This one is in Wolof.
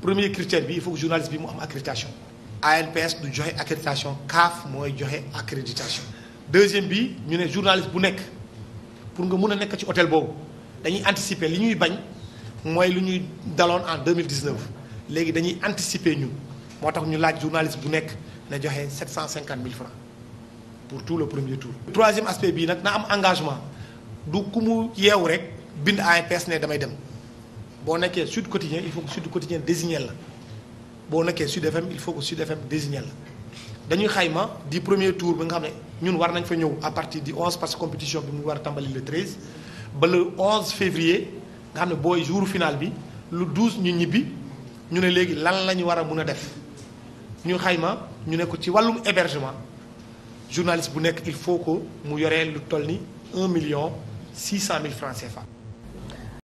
premier critère bi il faut que journaliste bi mu am accréditation ANPS du joxe accréditation CAF mooy joxe accréditation deuxième bi ñu ne journaliste bu nekk pour nga mun a nekk ci hôtel boobu dañuy anticiper li ñuy bañ mooy lu ñuy daloon en 2019 léegi dañuy anticiper ñu moo tax ñu laaj journaliste bu nekk na joxe cent cinquante 000 francs pour tout le premier tour. troisième aspect bii nag na am engagement du ku mu yeewu rek bind ANPS ne damay dem. boo nekkee Sud Quotidien il faut que Sud Quotidien désigné la boo nekkee Sud FM il faut que Sud FM désigné la dañuy xayma di premier tour bi nga xam ne ñun war nañ fa ñëw à partir du 11 parce que compétition bi mu war a tàmbali le ba le 11 février nga xam ne booy jour final bi lu 12 ñu ñibbi ñu ne léegi lan la ñu war a mun a def ñu xayma ñu ne ko ci wàllum hébergement journaliste bu nekk il faut ko mu yoree lu toll ni un million 600 mille francs CFA.